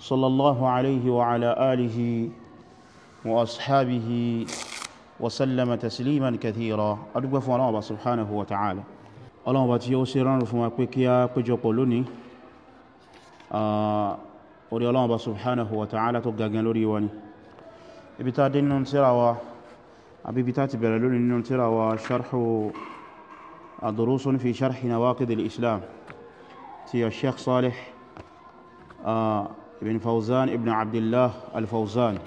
صلى الله عليه وعلى آله وأصحابه وسلم تسليما كثيرا أدوك فوالا الله سبحانه وتعالى الله باتي أسيران رفما كيكيا كجو قلوني آه، أولي الله سبحانه وتعالى تقاقن لوري واني إبتا دين نتراوا أبي بتا تبالا لوري نتراوا شرح دروس في شرح نواقض الإسلام تي الشيخ صالح آه ابن فوزان ابن عبد الله الفوزان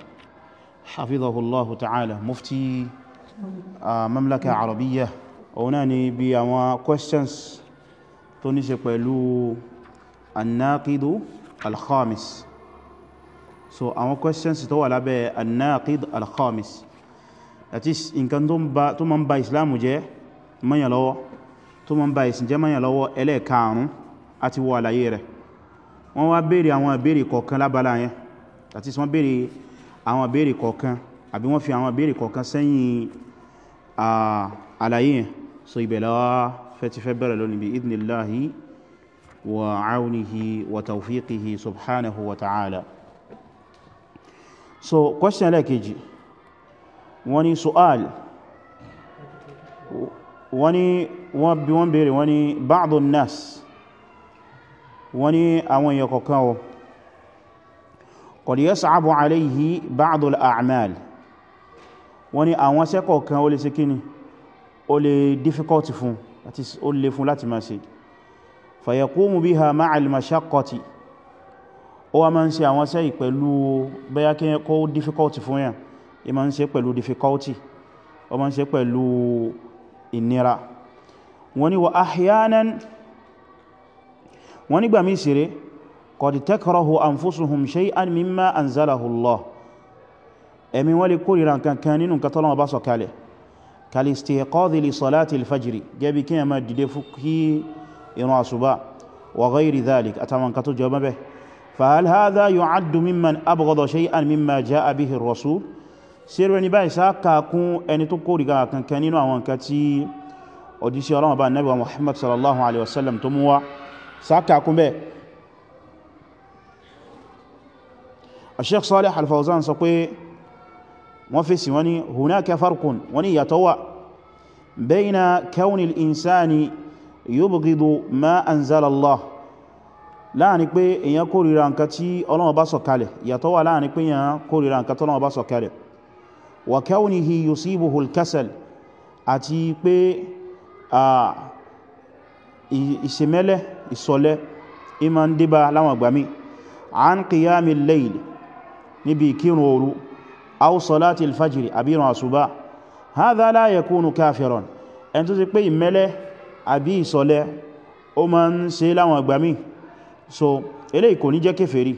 حفظه الله تعالى مفتي مملكة عربية ọ̀nà ni bí àwọn questions tó ní ṣe pẹ̀lú annaqidu al-khamis so àwọn questions tó wà lábẹ́ annaqid al-khamis that is nǹkan tó ma ń ba islamu jẹ́ mọ́yàn lọ́wọ́ tó ma ń ba ìsìn jẹ́ mọ́yàn lọ́wọ́ ẹlẹ́ẹ̀karùn-ún àti wà láyé rẹ̀ wọ́n wá béèrè àwọn ìbéèrè kọ̀ọ̀kan lábala yẹn àti wọ́n béèrè àwọn ìbéèrè kọ̀ọ̀kan àbí wọ́n fi àwọn ìbéèrè kọ̀ọ̀kan sẹ́yìn àlàyé yẹn so ìbẹ̀lẹ̀ fẹ́ ti fẹ́ bẹ̀rẹ̀ lónìí bí idnillahi wa so question lẹ́kejì wọ́n ni su'al wọ́n ni wọ́n bí wọ́n béèrè wọ́n ni ba'dun nas wọ́n ní àwọn èèyàn kọ̀kan o qad yas'abu alayhi ba'du al-a'mal wọ́n ní àwọn iṣẹ́ kọ̀kan ó lè ṣe kíni ó lè difficult fún láti ó lè fún láti máa ṣe fa yaqumu biha ma'a al-mashaqqati ó wá máa ń ṣe àwọn iṣẹ́ pẹ̀lú bẹ́yà kó difficult fún yàn ẹ máa ń ṣe pẹ̀lú difficulty ó máa ń ṣe pẹ̀lú ìnira wọ́n ní wa ahyanan wọ́n nígbà mí sire qad takrahu anfusuhum shay'an mimma anzalahu Allah ẹ̀mí wọ́n lè kórìíra kankan nínú nǹkan tọ́lọ́wọ́ bá sọ̀kalẹ̀ kalistiqadhi li salati al-fajri gẹ́bí kí ẹ máa dìde fún kí ìrun àṣùbá wa Muhammad sallallahu alaihi wasallam tó mú wá sákàkún bẹ́ Sheikh Salih Al Fawzan sọ pé wọ́n fèsì wọ́n ní hunaka farqun wọ́n ní ìyàtọ̀ wà bayna kauni al-insani yubghidu ma anzala Allah láàrin pé èyàn kórìíra nǹkan tí Ọlọ́run bá sọ̀kalẹ̀ ìyàtọ̀ wà láàrin pé èyàn kórìíra nǹkan tí Ọlọ́run bá sọ̀kalẹ̀ wa kaunihi yusibuhu al-kasal àti pé ìṣẹ́mẹ́lẹ́ ìsọlẹ̀ ìmá ń débá láwọn àgbàmí an qiyamil layl níbi ìkírun òru aw salati alfajiri àbíràn àṣùbá hadha la yakunu kafiran ẹni tó ti pé ìmẹ́lẹ́ àbí ìsọlẹ̀ ó ma ń ṣe láwọn àgbàmí so eléyìí kò ní jẹ́ kéfèrí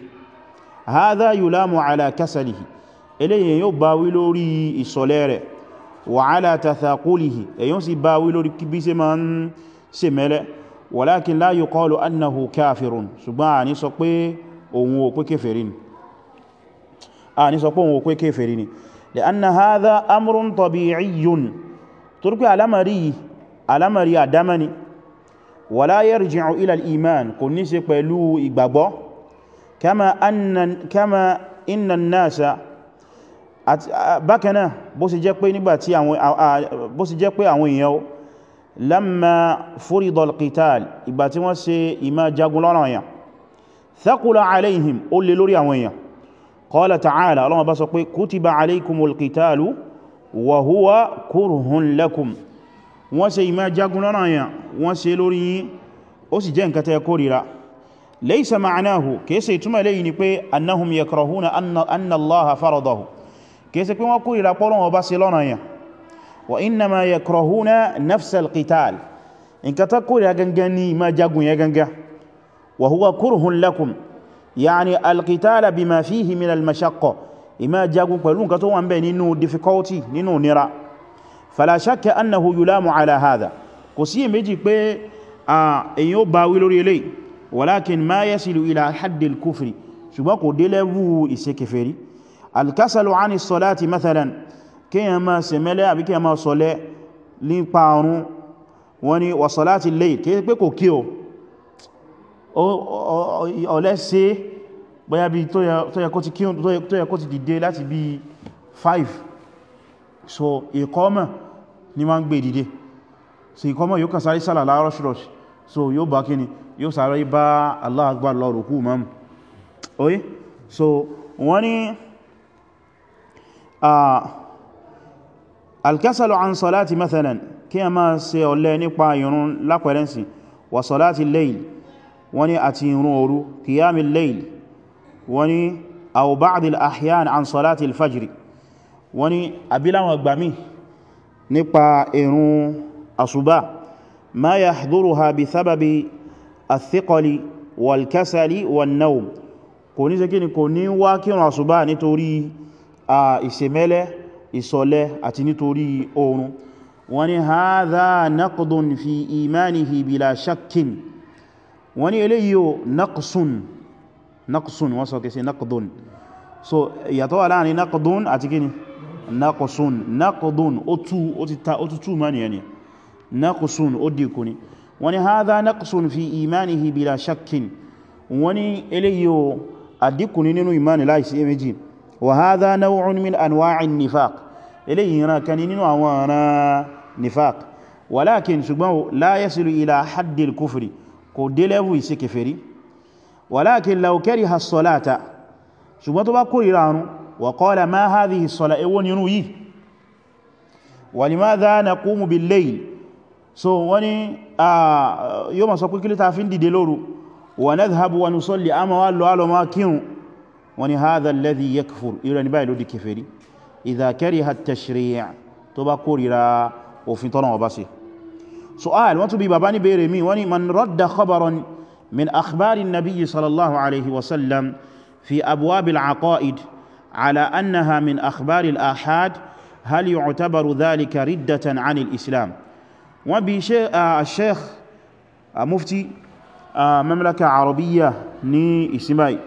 hadha yulamu ala kasalihi eléyìí yóò bá wí lórí ìsọlẹ̀ rẹ̀ walakin la yuqalu annahu kafirun ṣùgbọ́n a ní sọ pé òun ò pé kéfèrí ni a ní sọ pé òun ò pé kéfèrí ni lè anna hadha amrun tabi'iyyun turkey alamari alamari adamani wala yarji'u ila al-iman kò ní ṣe pẹ̀lú ìgbàgbọ́ kama anna nasa bákanáà bó sì jẹ́ pé àwọn èèyàn lamma furida al-qital ìgbà tí wọ́n ṣe ìmá jagun lọ́nà yàn thaqula alayhim ó lè lórí àwọn èèyàn qala ta'ala ọlọ́wọ́ bá sọ pé kutiba alaykumul qitalu wa huwa kurhun lakum wọ́n ṣe ìmá jagun lọ́nà yàn wọ́n ṣe lórí yín ó sì jẹ́ nǹkan tẹ́ kórìíra wa innama yakrahuna nafs al-qital nǹkan tó kórìíra gangan ni ma jagun ya gangan wa huwa kurhun lakum yani al-qitala bima fihi min al-mashaqqa ima jagun pẹ̀lú nǹkan tó wà ńbẹ̀ nínú difficulty nínú nira fala shakka annahu yulamu ala hadha kò sí méjì pé a ẹ̀yin ó bá wí lórí eléyìí walakin ma yasilu ila haddi kufri ṣùgbọ́n kò dé level ìṣe kèfèrí al-kasalu 'ani kíyàn máa ṣe mẹ́lẹ́ àbí kíyàn máa sọlẹ́ nípa ọrún wọ́n ni wà salati layl kí pé kò kí o ọ̀lẹ́ sí bóyá bí tó yẹ kó ti dìde láti bí 5 so ìkọ́mọ̀ ni ma ń gbé dìde so ìkọ́mọ̀ yóò kàn sálà láàrọ̀ṣìrọ̀ṣì so yóò bá kíni yóò sáré bá akbar lọ rùkú mọ́mù so wọ́n ah alkasalu an salati mathalan kí a máa ṣe ọ̀lẹ nípa ìrun lápẹrẹnsì wa salati layl wani àti ìrun òru qiyami layl wani aw ba'd al ahyan an salati al fajr wani abilawọn gbami nípa ìrun àsùbá ma yahdhuruha bi sababi athiqali wal kasali wan nawm kò ní ṣe ni kò ní wá kírun àsùbá nítorí ìṣẹ́mẹ́lẹ́ ìsọlẹ̀ àti nítorí oorun wọ́n ní haza naqdun fi imanihi bila shakkin wọ́n ní eléyìí o naqsun naqsun wọ́n sọ kẹsí naqdun so ìyàtọ̀ wà láàrin naqdun àti kíni naqsun naqdun ó tú ó ti ta ó tútù mani ẹni naqsun ó dìkú ni wọ́n ní haza naqsun fi imanihi bila shakkin wọ́n ní eléyìí o àdínkù nínú ìmáni láìsí méjì wa haza naw'un min anwa'in nifaq eléyìí ìran kan nínú àwọn ọ̀ràn nifaq walakin ṣùgbọ́n la yasilu ila haddil kufri kò dé level ìṣe kèfèrí walakin law kariha as-salata ṣùgbọ́n tó bá kórìíra àrùn wa qala ma hadhihi as-salat èwo nínú yìí wa limadha naqumu bil-layl so wani yóò ma sọ pé kílítà fi ń dìde إذا كره التشريع تبا كوريرا وفي طلع وباسي سؤال وانتو بي باباني بيرمي واني من رد خبرا من أخبار النبي صلى الله عليه وسلم في أبواب العقائد على أنها من أخبار الآحاد هل يعتبر ذلك ردة عن الإسلام وبي الشيخ مفتي مملكة عربية ني إسماعي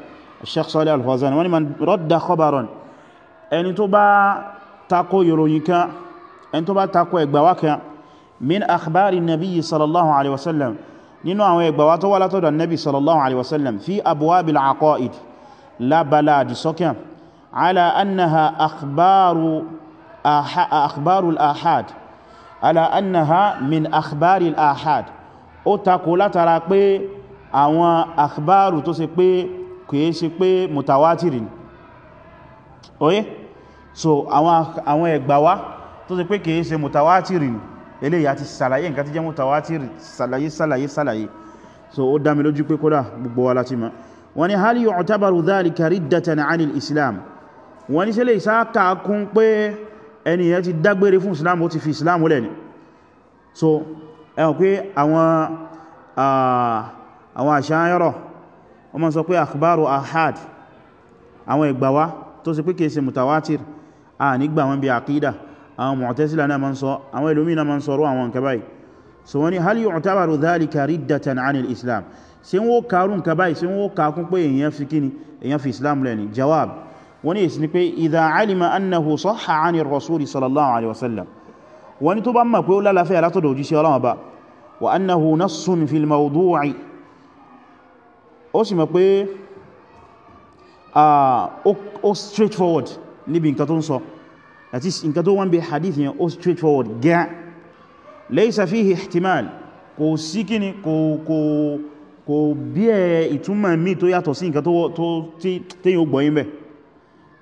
الشيخ صالح الفوزان واني من رد خبرا ẹni tó bá takò ìròyìn kan ẹni tó bá takò ẹgbàwá kan min akhbari nabi sallallahu alaihi wasallam nínú àwọn ẹgbàwá tó wá látọ̀dọ̀ nabi sallallahu alaihi wasallam fi abwabil aqaid labala disokan ala annaha akhbaru akhbaru al-ahad ala annaha min akhbari al-ahad ó takò látara pé àwọn akhbaru tó ṣe pé kìí ṣe pé mutawatirin oye okay? so àwọn ẹgbàwá tó ṣe pé kìí ṣe mutawatiri eléyìí àti sàlàyé nǹkan tí jẹ́ mutawatiri sàlàyé sàlàyé sàlàyé so ó dá mi lójú pé kódà gbogbo wa láti ma wọ́n ní hal yu'tabaru dhalika riddatan 'anil islam wọ́n ní sílẹ̀ ìsáàkà kún pé ẹniyàn ti dágbére fún islam ó ti fi islam lẹ̀ ni so ẹwọ̀n pé àwọn àṣáyọ́rọ̀ wọ́n ma sọ pé akhbaru ahad àwọn ìgbàwá tó sì pé kìí se mutawatir a nígbà wọn bí àkídà àwọn mu'tazila náà ma ń sọ àwọn ilomi náà ma ń sọ̀rọ̀ àwọn nǹkan báyìí so wọ́n ni hal yu'tabaru dhalika riddatan anil islam ṣé wọ́n kàrù nǹkan báyìí ṣé wọ́n kàkún pé èèyàn fi kíni èèyàn fi islam lẹ́ni jawab wọ́n ni èsì ni pé idha alima annahu sahha anir rasuli sallallahu alaihi wasallam wọ́n ni tó bá mọ̀ pé ó lálàáfẹ́ alátọ̀dọ̀ òjíṣẹ́ ọlọ́wọ́ ba wa annahu nassun fil mawdu'i ó sì mọ̀ pé ah, ó straightforward níbi nǹkan tó ń sọ that is nǹkan tó wọ́n bí hadith yẹn ó straightforward gá laysa fihi ihtimal kò sí kíni kò kò kò bí ẹ ìtúnmà mí tó yàtọ̀ sí nǹkan tó tẹ́yìn ogbọ̀nyìn bẹ̀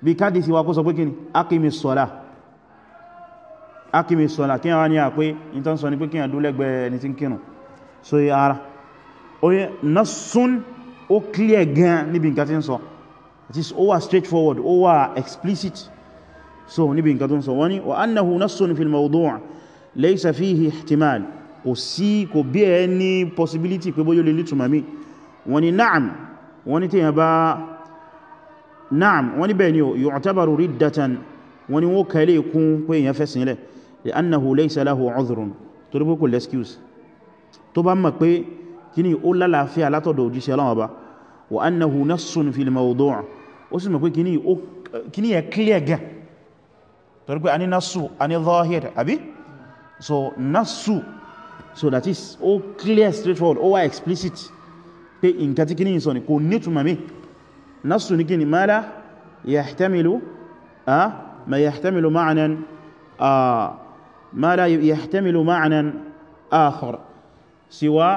bí káàdì sí wa kó sọ pé kíni akimi sọ́lá akimi sọ́lá kí wọ́n ní à pé ìtàn sọ ní pé kíyàn dúlẹ́gbẹ̀ẹ́ ẹni tí ń kírun so yára oye nasun ó clear gan níbi nǹkan tí ń sọ so it is ó wà straightforward ó wà explicit so níbi nǹkan tó ń sọ wọ́n ni wa annahu nassun fil mawdu' laysa fihi ihtimal kò sí kò bí ẹ ní possibility pé bóyá lè lítùmọ̀ mi wọ́n ni na'am wọ́n ni tíyàn bá na'am wọ́n ni bẹ́ẹ̀ ni yu'tabaru riddatan wọ́n ni wọ́n kẹ́lẹ̀ kún pé èyàn fẹ́ sílẹ̀ li annahu laysa lahu 'udhrun torí pé kò lẹ́skíus tó bá mọ̀ pé kí ni ó lálàáfíà látọ̀dọ̀ òjíṣẹ́ ọlọ́wọ́ ba wa annahu nassun fil mawdu' ó sì mọ̀ pé kíní ẹ̀ clear gan torí pé a ní nasu a ní zahir àbí so nasu so that is ó clear straightforward ó wá explicit pé nǹkan tí kíní sọ ni kò nítumọ̀ mi nasu ní kíní mala yahtamilu a ma yahtamilu ma'anan a mala yahtamilu ma'anan akhar siwa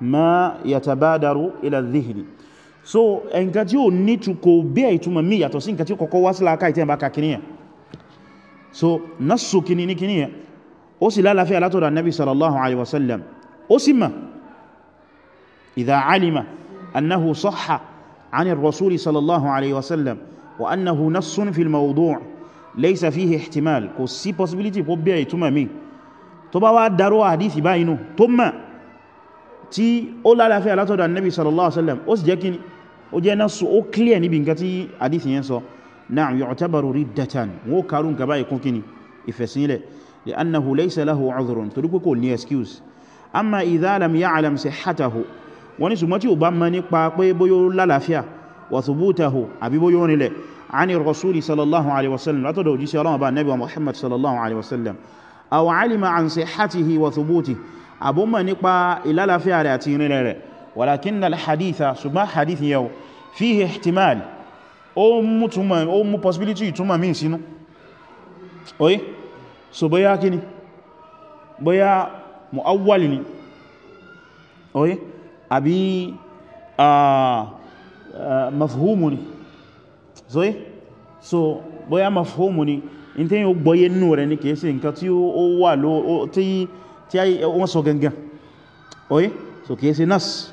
ma yatabadaru ila dhihni so nǹkan tí ó ní kò bí ìtumọ̀ mí yàtọ̀ sí nǹkan tí ó wá sí láàká ìtẹ́ ìbá kàkiri so nasu kini ní kini yẹn ó sì lálàáfíà látọ̀dọ̀ annabi sallallahu alaihi wasallam ó sì ma idha alima annahu sahha عن الرسول صلى الله عليه وسلم وأنه نص في الموضوع ليس فيه احتمال kò sí possibility kó bí ìtumọ̀ mí tó bá wá dárò hadith báyìí nù tó mọ̀ tí ó lálàáfíà látọ̀dọ̀ annabi sallallahu alaihi wasallam ó sì jẹ́ kíni ó jẹ́ náà so ó clear níbi nǹkan tí hadith yẹn sọ na'am yu'tabaru riddatan wọ́n kàrù nǹkan báyìí kún kíni ìfẹ̀sílẹ̀ li'annahu laysa lahu 'udhrun torí pé kò ní excuse amma idha lam ya'lam sihhatahu wọ́n ní ṣùgbọ́n tí ó bá mọ̀ nípa pé bóyó lálàáfíà wa thubutahu àbí bóyó nílẹ̀ ani rasuli sallallahu alaihi wasallam látọ̀dọ̀ òjíṣẹ́ ọlọ́run bá nabi wa muhammad sallallahu alaihi wasallam aw alima an sihhatihi wa thubutihi àbúmọ̀ nípa ìlálàáfíà rẹ̀ àti ìrìnlẹ̀ rẹ̀ walakin al-haditha ṣùgbọ́n hadith yau fihi ihtimal ó mú túnmà ó mú possibility ìtúnmà míì sínú oye so bóyá kíni bóyá mu'awwal ni oye àbí mafhumu ni so ye so bóyá mafhumu ni in tí yíò gbọ́yé nínú rẹ̀ ní kìí sí nǹkan tí ó wà ló tí wọ́n sọ gangan oye so kìí sí nas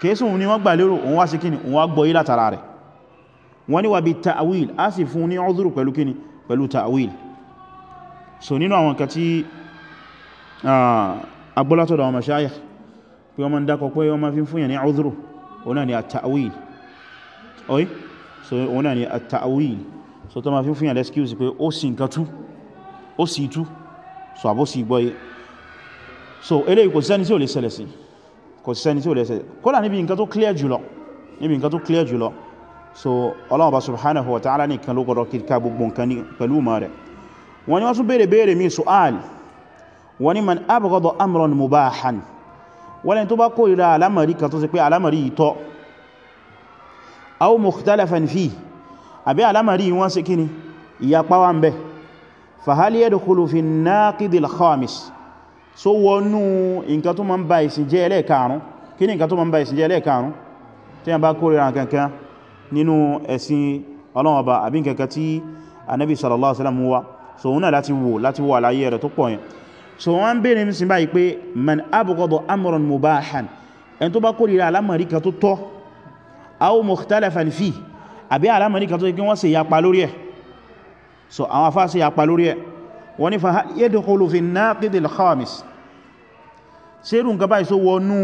kéésùn ní wọ́n gbà lérò òun wá sí kíni òun wá gbọ́ yí látara rẹ̀ wọ́n ní wà bí ta'wil a sì fún ní ọdúrù pẹ̀lú kíni pẹ̀lú ta'wil so nínú àwọn nǹkan tí agbọ́látọ̀dọ̀ àwọn mashayikh pé wọ́n máa ń dákọ̀ pé wọ́n máa fi ń fúnyà ní ọdúrù òun náà ni kò sẹ́ni tí ó lẹ́sẹ̀ kódà níbi nǹkan tó clear jùlọ níbi nǹkan tó clear jùlọ so ọlọ́ọ̀bá subhanahu wa ta'ala nìkan ló gọ́dọ̀ kíkà gbogbo nǹkan ní pẹ̀lú ma rẹ̀ wọ́n ni wọ́n tún béèrè béèrè mi su'al wọ́n ni man abghada amran mubahan wọ́n ni tó bá kó ìra alamari kan tó sì pé alamari ìtọ́ aw mukhtalafan fi àbí alamari wọ́n sì kíni ìyapa wa ń bẹ fa hal yadkhulu naqidil khamis so wọnú nǹkan tó ma ń ba ìsìn jẹ́ ẹlẹ́ẹ̀karùn kí ni nǹkan tó ma ń ba ìsìn jẹ́ ẹlẹ́ẹ̀karùn tí a bá kórìíra kankan nínú ẹ̀sìn ọlọ́wọ̀ba àbí kankan tí anábi sallallahu alaihi wasallam wá so wọn náà láti wò láti wò àlàyé rẹ̀ tó pọ̀ yẹn so wọ́n bèèrè mi sí báyìí pé man abghadu amran mubahan ẹn wọ́n ní fa yadkhulu fi an-naqid al-khamis sẹ́rù nǹkan báyìí só wọnú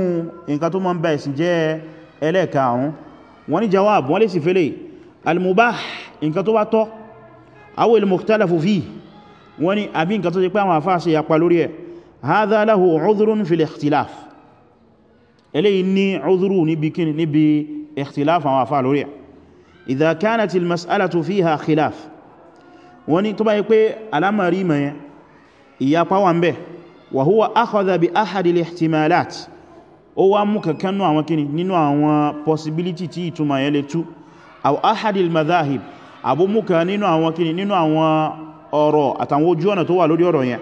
nǹkan tó mọ́ ń bá ẹ̀sìn jẹ́ ẹlẹ́ẹ̀kàrún wọ́n ní jawab wọ́n lè sì fẹ́lẹ̀ al-mubah nǹkan tó bá tọ́ aw al-mukhtalafu fihi wọ́n ní àbí nǹkan tó jẹ́ pé àwọn àfáà ṣe yapa lórí wọ́n ní tó bá yí pé alámàrí mọ̀ yẹn ìyapa wà ń bẹ̀ wa huwa akhadha bi ahadil ihtimalat ó wá mú kankan nú àwọn kíni nínú àwọn possibility tí ìtumọ̀ yẹn lè tú aw ahadil madhahib abúmúkà nínú àwọn kíni nínú àwọn ọ̀rọ̀ àtàwọn ojú ọ̀nà tó wà lórí ọ̀rọ̀ yẹn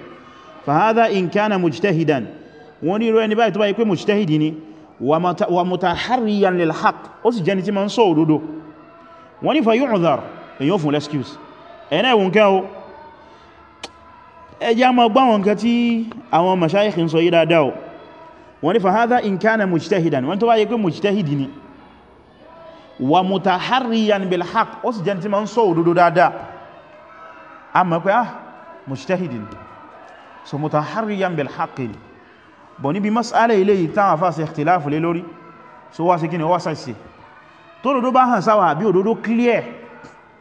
fa hadha in kana mujtahidan wọ́n ní irú ẹni báyìí tó bá pé mujtahidi ni wa mutaharriyan lil haqq ó sì jẹ́ni tí ma ń sọ òdodo wọ́n ní fa yu'dhar èyàn fún l'excuse ẹ̀nà ìwùn kẹ́ o ẹjá ma gbá wọn kan tí àwọn mashayikh ń sọ yí dáadáa o wọ́n ní fahadha in kana mujtahidan wọ́n tó wáyé pé mujtahidi ni wa mutaharriyan bil haqq ó sì jẹ́ tí ma ń sọ òdodo dáadáa a mọ̀ pé ah mujtahidi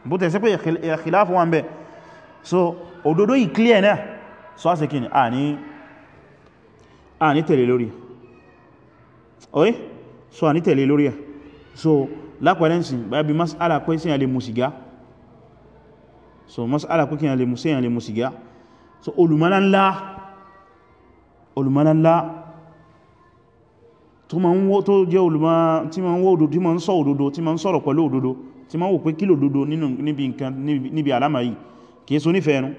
bó tẹ̀ sí pé ìkhìláfù eh, wọn bẹ̀ so òdodo yìí clear náà so a sì kí ni a ní tẹ̀lé lórí oye so a ní tẹ̀lé lórí ẹ̀ so lápẹ̀lẹ́nsì báyàbí mas'ala pé sí ẹ̀lẹ́ musiga so mas'ala pé kí ẹ̀lẹ́ musiga so olùmọ́lá olùmọ́lá tó ma ń wó tó jẹ́ olùmọ́ tí ma ń wó òdodo tí ma ń sọ òdodo tí ma ń sọ̀rọ̀ pẹ̀lú òdodo tí ma wò pé kílò dodo níbi nǹkan níbi àlámà yìí kìí so nífẹ̀ẹ́ ẹnu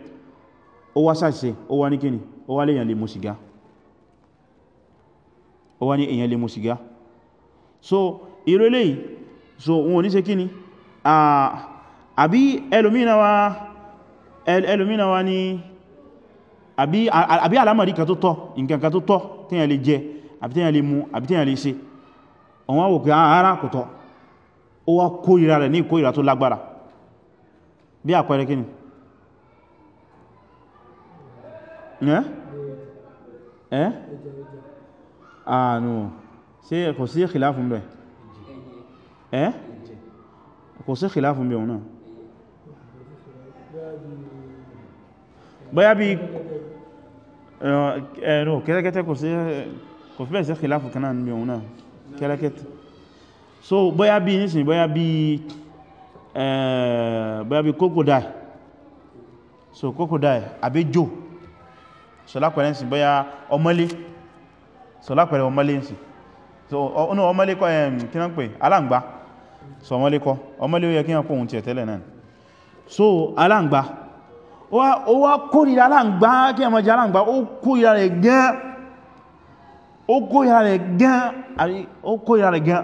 ó wá ṣàṣẹ ó wá ní kíni ó wá léèyàn lè mú sìgá ó wá ní èyàn lè mú sìgá so irú eléyìí so wọn ò ní ṣe kíni àbí ẹlòmínà wa ẹlòmínà wa ni àbí àlámàrí kan tó tọ́ nǹkan kan tó tọ́ téèyàn lè jẹ àbí téèyàn lè mu àbí téèyàn lè ó wá kórìíra rẹ̀ ní ìkórìíra tó lágbára bí àpẹẹrẹ kí ni ẹ́ ààrùn sí kò sí ìkìlá fún bẹ̀ ẹ́ kò sí ìkìlá fún bẹ̀ òun náà bóyá bí ẹ̀rọ kẹ́lẹ́kẹ́tẹ́ kò sí kò fíbẹ̀ sí ìkìlá fún kanáà ní òun náà kẹ́lẹ́kẹ́tẹ́ so bóyá bí nísìn bóyá bí bóyá bí crocodile so crocodile àbí jò so lápẹẹrẹ nísìn bóyá ọmọlé so lápẹẹrẹ ọmọlé nísìn so ọ̀nà ọmọlé kọ́ ẹ̀m kí náà pè aláǹgbá so ọmọlé kọ́ ọmọlé ó yẹ kí náà pọ̀ ohun tiẹ̀ so aláǹgbá ó wá kórìíra aláǹgbá kí ẹmọ jẹ aláǹgbá ó kórìíra rẹ̀ gán ó kórìíra rẹ̀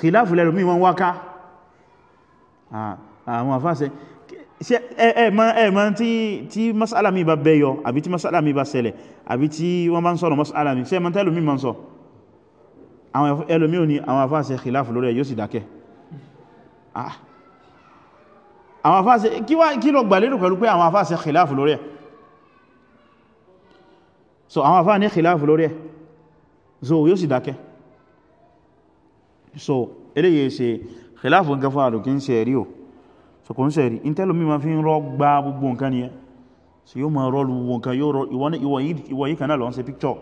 khilafu lẹ́lùmí wọn wáká àwọn àfáṣẹ́ ẹ̀mọ́ tí mas'alami bá bẹ́yọ àbí tí mas'alami bá ṣẹlẹ̀ àbí tí wọ́n bá ń sọ̀rọ̀ mas'alami ṣe mọ́ tẹ́lùmí ma ń sọ àwọn ẹlùmí ò ní àwọn àfáṣẹ́ khilafu lórí ẹ̀ yóò sì dákẹ́ àwọn àfáṣẹ́ kí lọ gbàlérò so àwọn àfáà ní khilafu lórí ẹ̀ so so eléyìí ṣe khilafu nǹkan fún àdùkí ń sẹ̀rí o so kò ń sẹ̀rí in tẹ́lómi ma fi ń rọ gba gbogbo nǹkan ni ẹ so yóò ma rọ gbogbo nǹkan yóò rọ ìwọ yìí kanáà lọ ń ṣe picture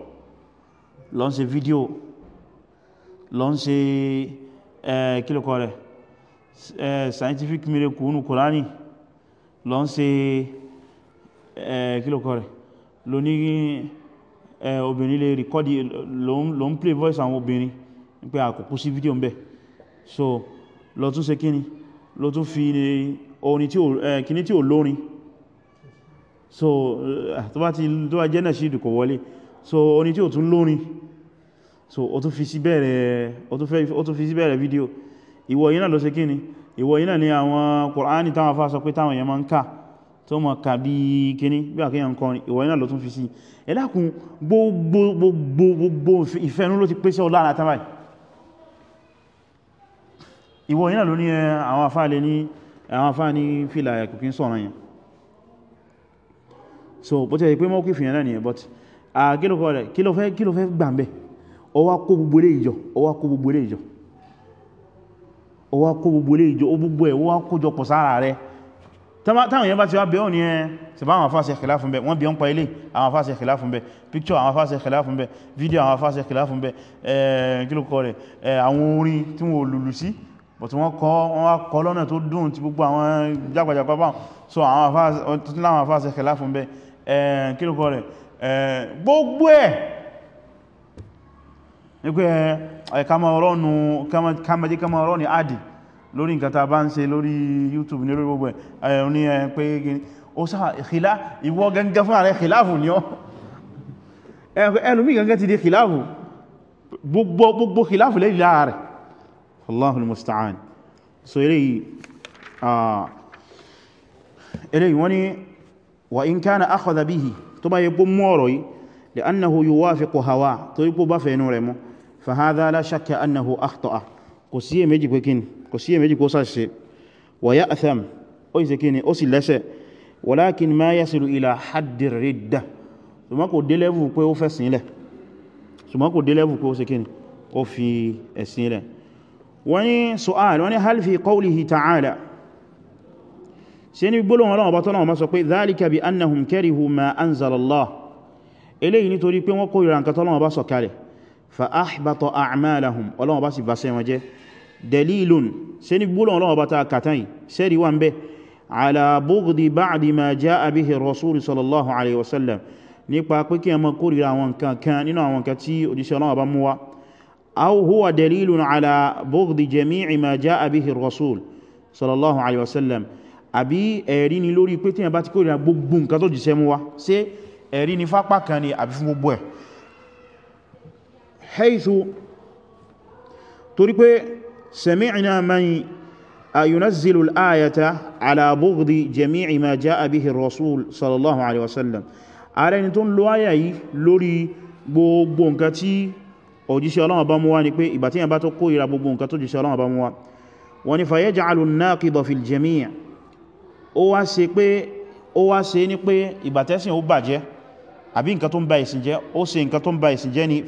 lọ ń ṣe video lọ ń ṣe kílùkọ rẹ̀ scientific miracle nù kùránì lọ ń ṣe kílùkọ rẹ̀ lóní obìnrin lè rìkọ́dì lọ ń play voice àwọn obìnrin pé àkókò sí fídíò ń bẹ̀ so lọ tún ṣe kíni lọ tún fi orin tí ò kíní tí ò lórin so tó bá ti tó bá jẹ́ náà sí ìdùkọ̀ wọlé so orin tí ò tún lórin so o tún fi sí bẹ̀rẹ̀ o tún fi sí bẹ̀rẹ̀ fídíò ìwọ yìí lọ ṣe kíni ìwọ yìí ni àwọn Kùránì táwọn afá sọ pé táwọn èèyàn máa ń kà tó mọ̀ kà bí kíní bí àkíyàn kọrin ìwọ yìí náà lọ tún fi sí ẹlákùn gbogbo ìfẹ́nú ló ti pèsè ọlára tàbí ìwọ yínà ló ní àwọn afáàlẹ́ ní àwọn afáà ní fìlà ẹ̀kùnkín sọ̀rọ̀ yẹn so bó tẹ́ pé mọ́kí fìyàn náà nìyẹn but àkílòkọ́ rẹ̀ kí ló fẹ́ kí ló fẹ́ gbàmbẹ̀ ó wá kó gbogbo lé ìjọ ó wá kó gbogbo lé ìjọ ó wá kó gbogbo lé ìjọ ó gbogbo ẹ̀ ó wá kójọ pọ̀ sára rẹ̀ táwọn yẹn bá ti wá bẹ̀ọ́ ní ẹ sẹ̀bá àwọn afáṣẹ́ ìkìlá fún bẹ wọ́n bí ọ́n pa ilé àwọn but wọ́n kọ́ wọ́n kọ́ lọ́nà tó dùn tí gbogbo àwọn jágbàjàgbà bá so àwọn afáàsẹ̀ kẹlá fún bẹ kílùkọ́ rẹ̀ gbogbo ẹ̀ ní pé kàmàjí kàmà ọ̀rọ̀ ní àdì lórí nǹkan tá bá ń ṣe lórí youtube ní lórí gbogbo ẹ̀ ní pé ó sáà ìkìlá ìwọ gẹ́gẹ́ fún ààrẹ kìláàfù ní ọ́ ẹlùmí gẹ́gẹ́ ti di kìláàfù gbogbo kìláàfù lẹ́yìn láàrẹ̀ Allahu al-musta'an so eléyìí eléyìí wọ́n ní wa in kana akhadha bihi tó bá yẹ gbó mú ọ̀rọ̀ yìí li annahu yuwafiqu hawa tó rí gbó bá fẹ́ inú rẹ̀ mú fa hadha la shakka annahu akhta'a kò sí èméjì pé kíni kò sí èméjì kó sáṣe wa ya'tham ó sì kíni ó sì lẹ́sẹ̀ walakin ma yasilu ila haddi ridda ṣùgbọ́n kò dé lẹ́vù pé ó fẹ́ sílẹ̀ ṣùgbọ́n kò dé lẹ́vù pé ó sì kíni ó fi ẹ̀sìn rẹ̀ wani su'al wani hal fi qawlihi ta'ala ṣé ní gbólóhùn Ọlọ́run Ọba tọ́lọ́run ma sọ pé dhalika bi annahum karihu ma anzalallah eléyìí nítorí pé wọ́n kórìíra nǹkan tọ́lọ́run Ọba sọ kalẹ̀ fa ahbata a'malahum أو هو دليل على بغض جميع ما جاء به الرسول صلى الله عليه وسلم àbí ẹ̀rí ni lórí pé tí a bá ti kórìíra gbogbo nǹkan tó jìṣẹ́ mú wá ṣé ẹ̀rí ni fápá kan ni àbí fún gbogbo ẹ̀ haythu torí pé sami'na man yunazzilu al-ayata ala bughdi jami'i ma ja'a bihi ar-rasul sallallahu alaihi wasallam ààrẹ ni tó ń lo áyà yìí lórí gbogbo nǹkan tí òjíṣẹ́ Ọlọ́run bá mú wá ní pé ìgbà tí yàn bá tó kórìíra gbogbo nǹkan tó jíṣẹ́ Ọlọ́run bá mú wá wọ́n ni fayaj'alu an-naqida fil jami' ó wá ṣe pé ó wá ṣe ní pé ìgbàtẹ́sìn ó bàjẹ́ àbí nǹkan tó ń ba ìsìn jẹ́ ó ṣe nǹkan tó ń ba ìsìn jẹ́ ní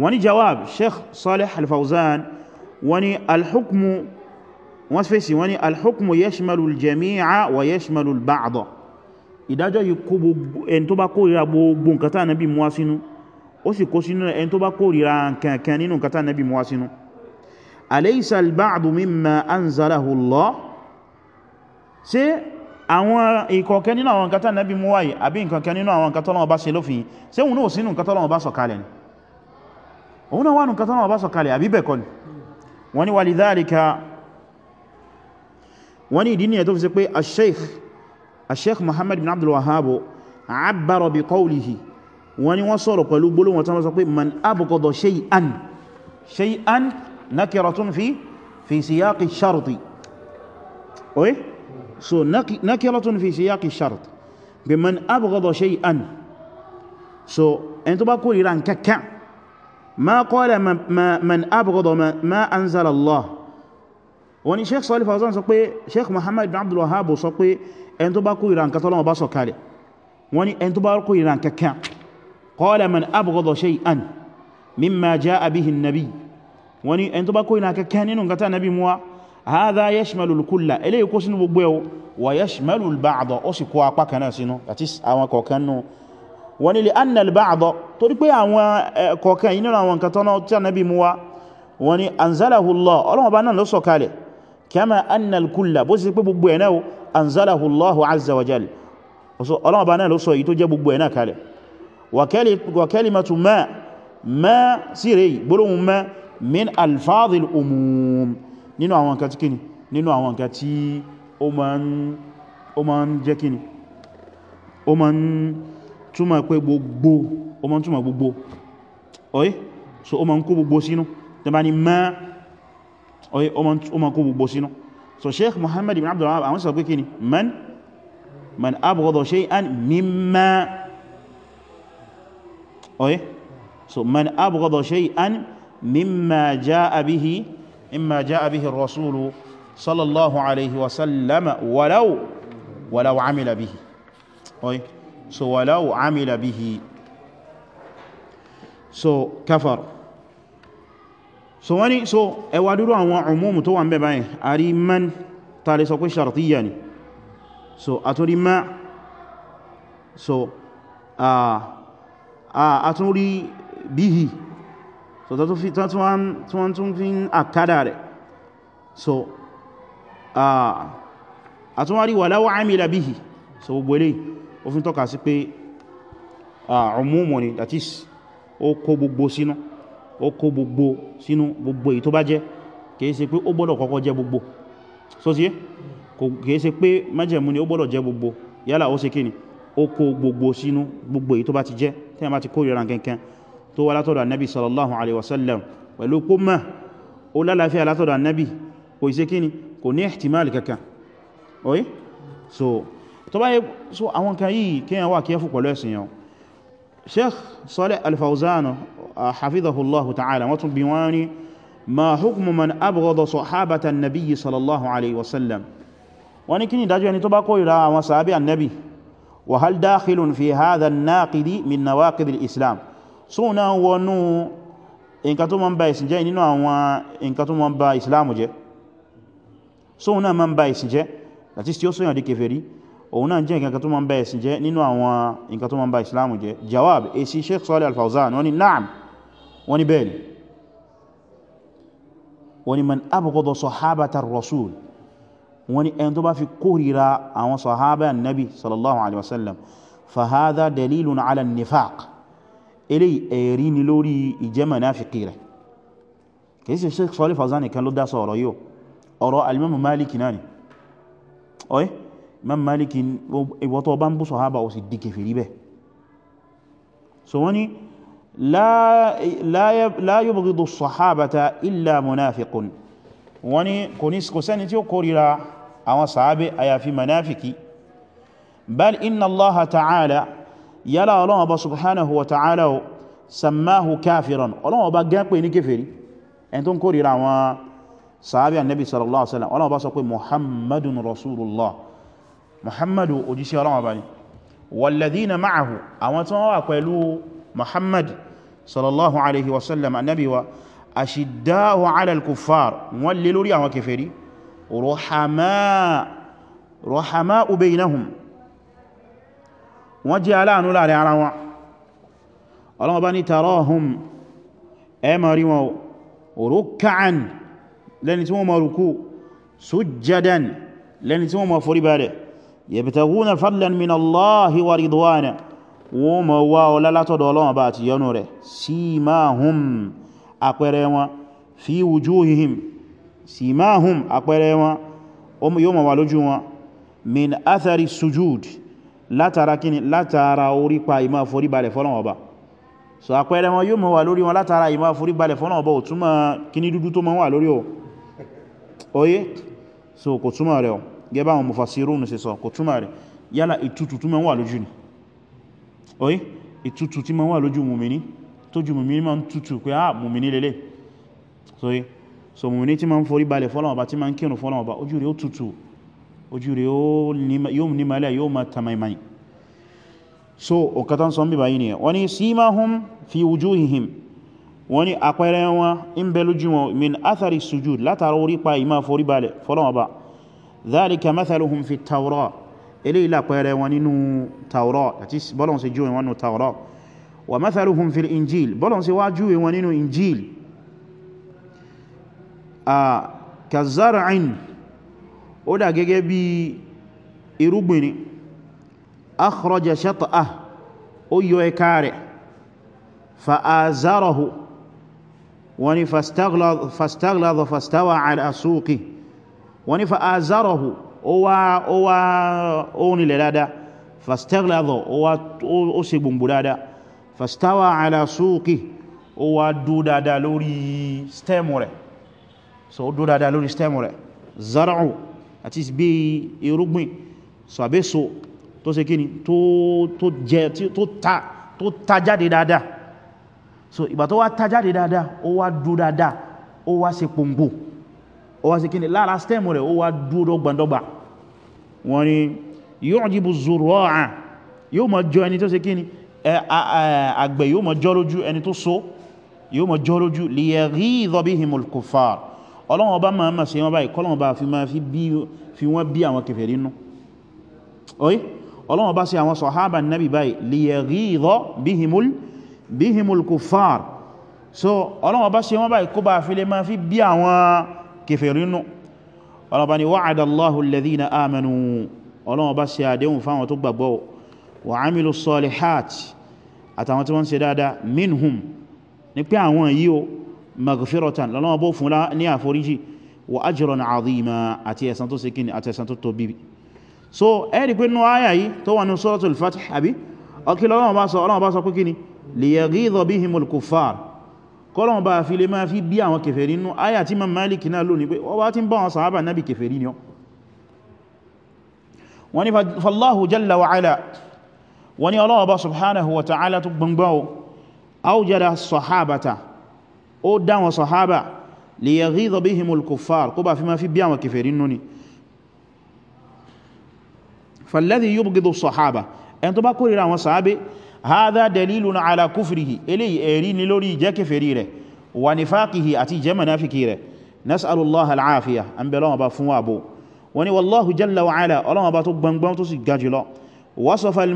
ni jawab ìdájọ́ yìí kó gbogbo ẹni tó bá kórìíra gbogbo nǹkan tá nẹ́bí mú wá sínú ó sì kó sínú ẹni tó bá kórìíra kankan nínú nǹkan tá nẹ́bí mú wá sínú alaysa al-ba'du mimma anzalahu Allah ṣé àwọn ìkọ̀ọ̀kan nínú àwọn nǹkan tá nẹ́bí mú wáyìí àbí ìkọ̀ọ̀kan nínú àwọn nǹkan tọ́lọ́wọ́ bá ṣe lófin ṣé òun náà sínú nǹkan tọ́lọ́wọ́ bá sọ kalẹ̀ ni òun náà wà nù nǹkan الشيخ محمد بن عبد الوهاب عبر بقوله وان وصل قالوا بلو وتمسكوا من ابغض شيئا شيئا نكره في في سياق الشرط اوكي سو so, نكره في سياق الشرط بمن ابغض شيئا سو so, انتوا بقول ايران كك ما قال ما, ما من ابغض ما, ما انزل الله وني شيخ صالح فوزان سو شيخ محمد بن عبد الوهاب سو ẹni tó bá kórìíra nǹkan tọ́lọ́wọ́ bá sọ̀kalẹ̀ wọ́n ni ẹni tó bá kórìíra nǹkan kan qala man abghada shay'an mimma jaa bihi an-nabi wọ́n ni ẹni tó bá kórìíra nǹkan kan nínú nǹkan tá nabi mú wá hadha yashmalu al-kulla eléyìí kó sínú gbogbo ẹ̀ wa yashmalu al-ba'da ó sì nínú nǹkan tọ́nà kama annal kulla bó sì pé gbogbo ẹ̀nà o anzalahu allahu azza wa jal ọlọ́wọ́ bá náà ló sọ èyí tó jẹ́ gbogbo ẹ̀nà kalẹ̀ wa kalimatu ma ma sí rẹ̀ gbólóhùn ma min alfadhil umum nínú àwọn nǹkan tí kíni nínú àwọn nǹkan tí ó ma ń jẹ́ kíni ó ma ń túmọ̀ pé gbogbo ó ma ń túmọ̀ gbogbo ọ̀yí so ó ma ń kó gbogbo sínú oye o ma kó gbogbo sínú so sheikh muhammad ibn abdullahi àwọn sọ pé kí ni man man abghada shay'an mimma oye so man abghada shay'an mimma jaa bihi mimma jaa bihi ar-rasul sallallahu alayhi wa sallam walau walau amila bihi oye so walau amila bihi so kafara so wọ́n ni so ẹwà dúró àwọn ọmọ́mù tó wà ń bẹ̀ báyìí a rí man tààrí sọ pé ṣàrtíyà ni so a tún rí ma so a tún rí bíhì so tó tún tún fi ń àkádà rẹ̀ so a tún wá rí wà láwọ́ àmìlà bíhì so gbogbo ilé òfin tọ́ka sí pé ọmọ́mù ni that is ó kó gbogbo sínú no? ó kó gbogbo sínú gbogbo èyí tó bá jẹ́ kìí ṣe pé ó gbọ́dọ̀ kọ́kọ́ jẹ́ gbogbo so sí kìí ṣe pé májẹ̀mú ni ó gbọ́dọ̀ jẹ́ gbogbo yálà ó ṣe kíni ó kó gbogbo sínú gbogbo èyí tó bá ti jẹ́ tí a bá ti kórìíra kankan tó wá látọ̀dọ̀ annabi sallallahu alaihi wasallam pẹ̀lú kó mọ̀ ó lálàáfíà látọ̀dọ̀ annabi kò ṣe kíni kò ní oye so tó bá so àwọn kan yìí kéèyàn wà sheikh Salih al-Fawzan uh, hafidhahullahu ta'ala wọ́n tún bi wọ́n ní ma hukmu man abghada sahabata an-nabi sallallahu alaihi wasallam wọ́n ní kí ni ìdájọ́ ẹni tó bá kórìíra àwọn sàábí annabi wa hal dakhilun fi hadha an-naqidi min nawaqid al-islam so na wọnú nǹkan tó máa ń ba ìsìn jẹ́ nínú àwọn nǹkan tó máa ń ba jẹ́ so na máa ìsìn jẹ́ àti tí ó sọ́yàn di òun náà jẹ́ nǹkan tó ma ń bá ẹ̀sìn jẹ́ nínú àwọn nǹkan tó ma ń bá ìsìláàmù jẹ́ jawab èsì sheikh Salih al-Fawzan wọ́n ni na'am wọ́n ni bẹ́ẹ̀ni wọ́n ni man abghada sahabata rasul wọ́n ni ẹni tó bá fi kórìíra àwọn sahaba nabi sallallahu alaihi wasallam fa hadha dalilun ala nifaq eléyìí ẹ̀rí ni lórí ìjẹ́ munafiki rẹ̀ imam maliki ìwọ tó bá ń bú sọ̀hábà ò sì di kèfèrí bẹ́ so wọ́n ni la yubghidu sọ̀hábàta illa munafiqun wọ́n ni kò sẹ́ni tí ó kórìíra àwọn sàábé àyàfi munafiki bal inna allaha ta'ala yálà ọlọ́wọ́ bá subhanahu wa ta'ala sammahu kafiran ọlọ́wọ́ bá gán pè ní kèfèrí ẹni tó ń kórìíra àwọn annabi sallallahu alaihi wasallam ọlọ́wọ́ bá sọ muhammadun rasulullah muhammadu òjíṣẹ́ ọlọ́wọ́ bá ní walladhina ma'ahu àwọn tí wọ́n wà pẹ̀lú muhammad sallallahu alaihi wasallam annabi wa ashidda'u 'ala al-kuffar wọ́n lè lórí àwọn kèfèrí ruhama'u baynahum wọ́n jẹ́ aláàánú láàrin ara wọn ọlọ́wọ́ bá ní tarahum ẹ máa rí wọn ruk'an lẹ́ni tí wọ́n máa rukú sujjadan lẹ́ni tí wọ́n máa forí balẹ̀ yabtaguna fadlan min Allahi wa ridwana wọ́n mọ̀ wá ọlá látọ̀dọ̀ Ọlọ́run bá ti yọ́nú rẹ̀ simahum àpẹẹrẹ wọn fi wujuhihim simahum àpẹẹrẹ wọn yóò mọ̀ wá lójú wọn min athari sujud látara kíni látara orípa ìmá foríbalẹ̀ fọ́lọ́wọ́ bá so àpẹẹrẹ so kò túnmọ̀ rẹ̀ ọ̀ gẹ́bà àwọn mufassirun ṣe sọ kò túnmà rẹ̀ yálà ìtutù tí ma ń wà lójú ni oye ìtutù tí ma ń wà lójú mùmìní tó ju mùmìní ma ń tutù pé á ah, mùmìní lélẹ̀ soye so mùmìní tí ma ń forí balẹ̀ fọ́lọ́wọ́ bá tí ma ń kírun fọ́lọ́wọ́ bá ojú rẹ̀ ó tutù so ọ̀katan sọ ń bíbá yìí ni wọ́n ni simahum fi wujuhihim wọ́n ni àpẹẹrẹ wọn ń bẹ lójú wọn dhalika mathaluhum fi tawra eléyìí lápẹẹrẹ wọn nínú tawra àti bọ́lọ̀n sí júwe wọn nínú tawra wa mathaluhum fi injil bọ́lọ̀n sí wá júwe wọn nínú injil a kazar'in ó dà gẹ́gẹ́ bí irúgbìn ni akhraja shat'ah ó yọ ẹ̀ka rẹ̀ fa'azarahu wani fastaghlada fastawa ala suqi wọ́n ní fa azarahu ó wá ó wá orin lẹ̀ dáadáa fastagladọ̀ ó ṣe gbùngbù dáadáa fastawa ala suqi ó wá dó dáadáa lórí stem rẹ̀ so ó dó lórí stem rẹ̀ zara'u àti bí irúgbìn so tó ṣe kíni tó ta tó ta jáde dáadáa so ìgbà tó wá ta jáde dáadáa ó wá dó dáadáa ó wá ṣe ó wá sí kí ni lára stem rẹ̀ ó wá dúró dọ́gbandọ́gba wọ́n ni yu'jibu zurra'a yóò mọ̀ jọ ẹni tó sí kí ni àgbẹ̀ yóò mọ̀ jọ lójú ẹni tó so yóò mọ̀ jọ lójú liyaghidha bihimul kuffar ọlọ́wọ́n bá máa ṣe wọ́n báyìí kọ́lọ́wọ́n bá fi bí àwọn kèfèrí kèfèrí nù ọlọ́ba ni wa'ada Allahu alladhina amanu ọlọ́wọ́ bá ṣe àdéhùn fáwọn tó gbàgbọ́ wa amilu salihat àtàwọn tí wọ́n ṣe dáadáa minhum ní pé àwọn yíò maghfiratan lọ́lọ́wọ́ fún ní àforíjì wa ajran azima àti ẹ̀san tó ṣe kíni àti ẹ̀san tó so ẹ́rì pé nú áyà yìí tó wà ní suratul Fath àbí ọkí lọ́lọ́wọ́ bá sọ pé kíni liyaghidha bihimul kọ́lọ̀wọ́n bá fi lè máa fi bí àwọn kèfèrí nínú ayà tí Imam Malik náà lónìí pé wọ́n wá tí ń bá wọn sàábà náà bí kèfèrí ni wọ́n ni fallahu jalla wa ala wọ́n ni Ọlọ́hun Ọba subhanahu wa ta'ala tó gbọngbọ́n hadha dalilun ala kufrihi eléyìí ẹ̀rí ni lórí jẹ́ kèfèrí rẹ̀ wa nifaqihi àti jẹ́ mùnáfìkì rẹ̀ nas'alullaha al'afiya an bẹ̀ lọ́wọ́ ba fún àbò wani wallahu jalla wa ala ọlọ́wọ́ ba tó gbangban tó sì ga jùlọ wasafa al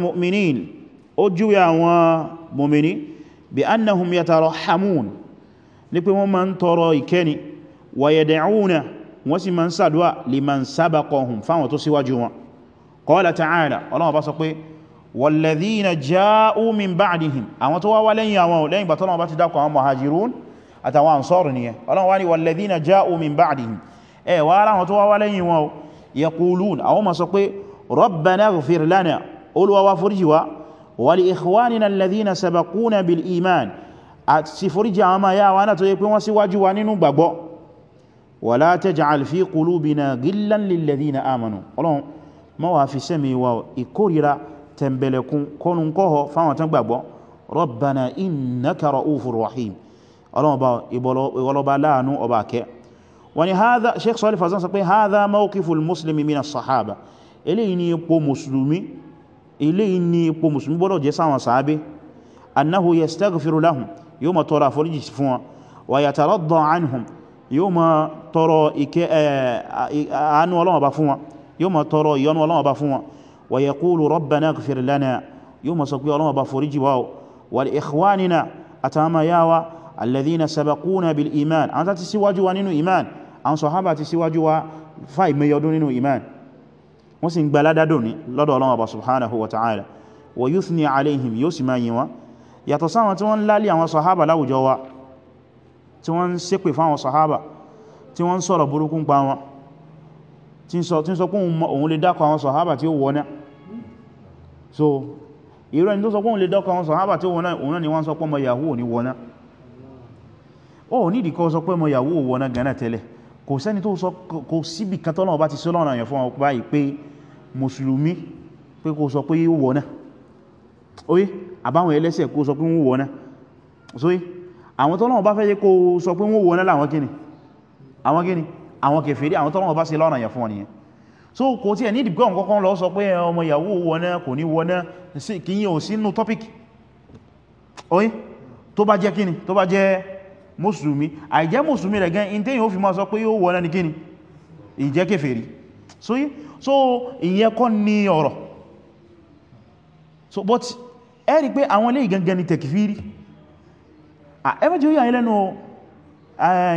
walladhina ja'u min ba'dihim àwọn tó wá wá lẹ́yìn àwọn lẹ́yìn bá tọ́lọ́wọ́ bá ti dákọ̀ àwọn muhajirun àtàwọn ansọ́rù ni ọlọ́run wá ní walladhina ja'u min ba'dihim ẹ wá ara àwọn tó wá wá lẹ́yìn wọn yaqulun àwọn àwọn ma pé wọ́n síwájú tẹ̀mbẹ̀lẹ̀kún kónú kọ́họ fáwọn tán gbàgbọ́ Rabbana innaka ra'ufur rahim ọlọ́ọ̀bá ìwọlọ́bá láàánú ọba kẹ́ wọ́n ni haza sheikh sọ́lì fazan sọ pé haza mawqiful muslimi mina sahaba eléyìí ni ipò musulmi eléyìí yóò ma tọrọ ìyọnu ọlọ́wọ́ bá fún wọn ويقول ربنا اغفر لنا يوم سقيا الله بفرج واو والإخواننا أتاما ياوا الذين سبقونا بالإيمان أنت تسواجوا نينو إيمان أن صحابة تسواجوا فاي ميودون نينو إيمان وسن بلادا دوني لدو الله سبحانه وتعالى ويثني عليهم يسمى يوا يتصاوى تون لالي عن صحابة لو جوا تون سيكوي فان صحابة تون صور بروكم باوا تون صور بروكم باوا تون صور بروكم باوا so irú ẹni tó sọ pọ́n lè dọ́kọ̀ wọn sàhábà tí wọ́n ni wọ́n sọ pọ́mọ yahoo ní wọ́ná ó ní ìdíkọ́ sọ pé mọ yahoo wọ́ná gánà tẹ́lẹ̀ kò sẹ́ni tó sọ kò síbì kan tọ́lọ̀ bá ti sọ lọ́nà yẹn fún ọ báyìí pé mùsùlùmí pé kò sọ pé yóò wọ́ná oye àbáwọn ẹlẹ́sẹ̀ kò sọ pé wọ́n wọ́ná sóye àwọn tọ́lọ̀ bá fẹ́ yẹ kó sọ pé wọ́n wọ́ná láwọn kíni àwọn kíni àwọn kèfèrí àwọn tọ́lọ̀ bá ṣe lọ́nà yẹn fún ọ nìyẹn so kò tí ẹ̀ ní ìdìgbọ́ nǹkan lọ sọ pé ọmọ ìyàwó wọná kò ní wọná kí yíò sínú tọ́píkì oye tó bá jẹ́ kíni tó bá jẹ́ mùsùlùmí àìjẹ́ mùsùlùmí rẹ̀ gan in tẹ́yìn ó fi máa sọ pé yóò wọná ní kíni ìjẹ́ kèfèrí so ìyẹn kọ́ ni ọ̀rọ̀ so but ẹ rí pé àwọn eléyìí gangan ni tẹ̀kìfìrí ẹmẹ́jì ó yà ní lẹ́nu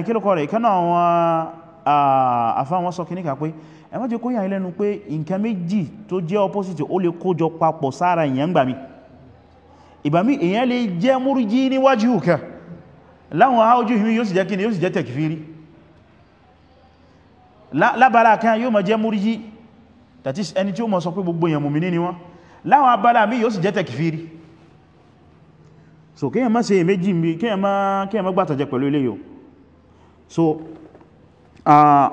kílùkọ́ rẹ̀ ìkánà àwọn afáwọn sọ ẹ má jẹ́ kó yà yín lẹ́nu pé nǹkan méjì tó jẹ́ opposite ó lè kójọ papọ̀ sára èèyàn gbà mí ìgbà lè jẹ́ múrújí níwájú kẹ láwọn aójú ìhìn yóò sì jẹ́ kí ni yóò sì jẹ́ tẹ̀kìfìrí lábára kan yóò máa jẹ́ múrújí that is ẹni tí ó máa sọ pé gbogbo èèyàn mùmí so kéèyàn má ṣe méjì mi kéèyàn má gbàtàjẹ so uh,